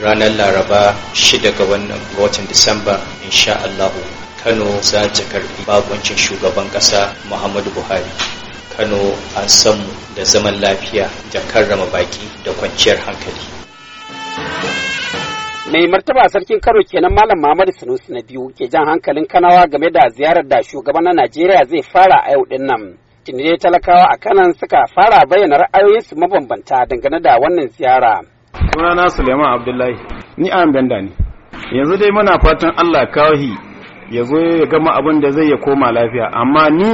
ranar laraba 6 ga wannan watan disamba insha allahu kano za ta karbi bakoncin shugaban kasa muhammadu buhari kano an samu da zaman lafiya da karrama baki da kwanciyar hankali mai martaba sarkin karo kenan malam muhammadu sanusi na biyu ke jan hankalin kanawa game da ziyarar da shugaban na najeriya zai fara a yau din nan tunde talakawa a kanan suka fara bayyana ra'ayoyinsu mabambanta dangane da wannan ziyara sunana suleiman abdullahi ni an benda ne yanzu dai muna fatan allah kawai ya zo ya gama abin da zai ya koma lafiya amma ni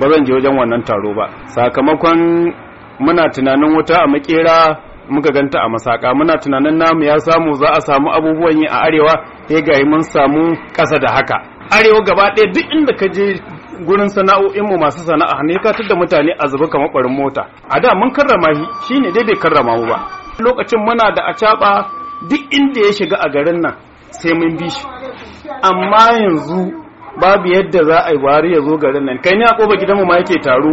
ba zan je wajen wannan taro ba sakamakon muna tunanin wuta a makera muka ganta a masaka muna tunanin namu ya samu za a samu abubuwan yi a arewa ya gayi mun samu kasa da haka arewa gaba ɗaya duk inda ka je gurin sana'o'inmu masu sana'a ne ka da mutane a zuba kamar ɓarin mota a da mun karrama shi ne dai bai karrama mu ba lokacin muna da acaɓa duk inda ya shiga a garin nan sai mun bi shi amma yanzu babu yadda za a yi wari ya zo garin nan kai ni a koba gidanmu ma yake taro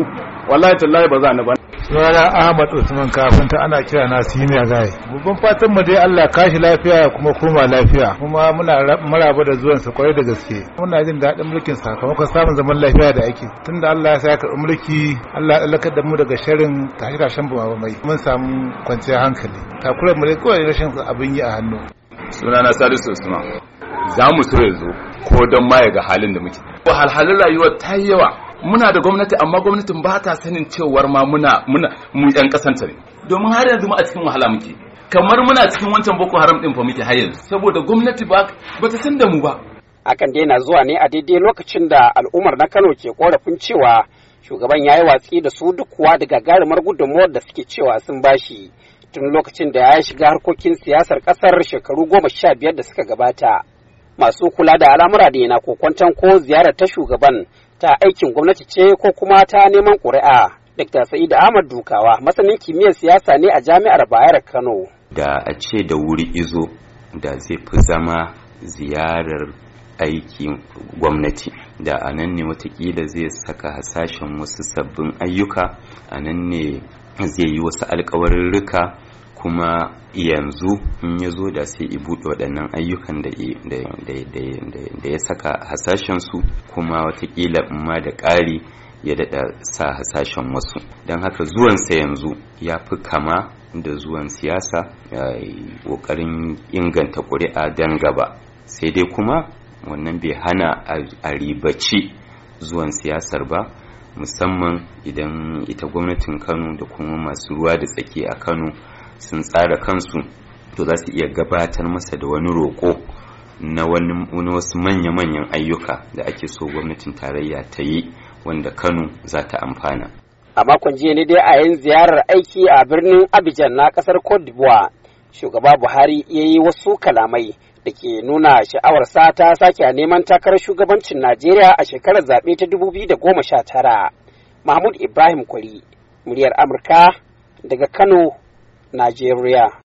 wallahi tallahi ba za ni ba sunana ahmad usman kafin ta ana kira na senior guy gugun fatan mu dai Allah kashi lafiya kuma koma lafiya kuma muna maraba da zuwan sa kwarai da gaske muna jin daɗin mulkin sakamakon samun zaman lafiya da ake tunda Allah ya sa karɓi mulki Allah ya tsallakar da mu daga sharrin tashi tashen ba mai mun samu kwanciyar hankali takurar mu dai kawai rashin abin yi a hannu Suna na salisu usman za mu so yanzu ko don ma ga halin da muke wahalhalin rayuwa ta yawa muna da gwamnati amma gwamnatin ba ta sanin cewar ma muna muna mu yan kasanta ne domin har yanzu mu a cikin wahala muke kamar muna cikin wancan boko haram din fa muke har yanzu saboda gwamnati ba ba ta san da mu ba akan dai na zuwa ne a daidai lokacin da al'ummar na Kano ke korafin cewa shugaban ya yi watsi da su duk kuwa da gagarumar gudunmuwar da suke cewa sun bashi tun lokacin da ya shiga harkokin siyasar kasar shekaru goma sha biyar da suka gabata masu kula da al'amura da yana kokwanton ko ziyarar ta shugaban ta aikin gwamnati ce ko kuma ta neman ƙuri'a. Dr. Sa'id Ahmad Dukawa masanin kimiyyar siyasa ne a Jami'ar Bayar Kano. Da a ce da wuri izo da zai fi zama ziyarar aikin gwamnati da a nan ne watakila zai saka hasashen wasu sabbin ayyuka a nan ne zai yi wasu alkawarin rika kuma yanzu in ya zo da sai i buɗe waɗannan ayyukan da ya saka hasashen su kuma watakila in ma da ƙari ya daɗa sa hasashen wasu don haka zuwansa yanzu ya fi kama da zuwan siyasa eh, ƙoƙarin inganta ƙuri'a don gaba sai dai kuma wannan bai hana a ribaci zuwan siyasar ba musamman idan ita gwamnatin kano da kuma masu ruwa da tsaki a kano sun tsara kansu to za su iya gabatar masa da wani roƙo na wasu manya-manyan ayyuka da ake so gwamnatin tarayya ta yi wanda kano za ta amfana a makon jiya ne dai a yin ziyarar aiki a birnin abidjan na kasar cote d'ivoire shugaba buhari ya yi wasu kalamai da ke nuna sha'awar ta sake a neman takarar shugabancin najeriya a shekarar zaɓe ta dubu biyu da goma sha tara, mahmud ibrahim kwari muryar amurka daga kano nigeria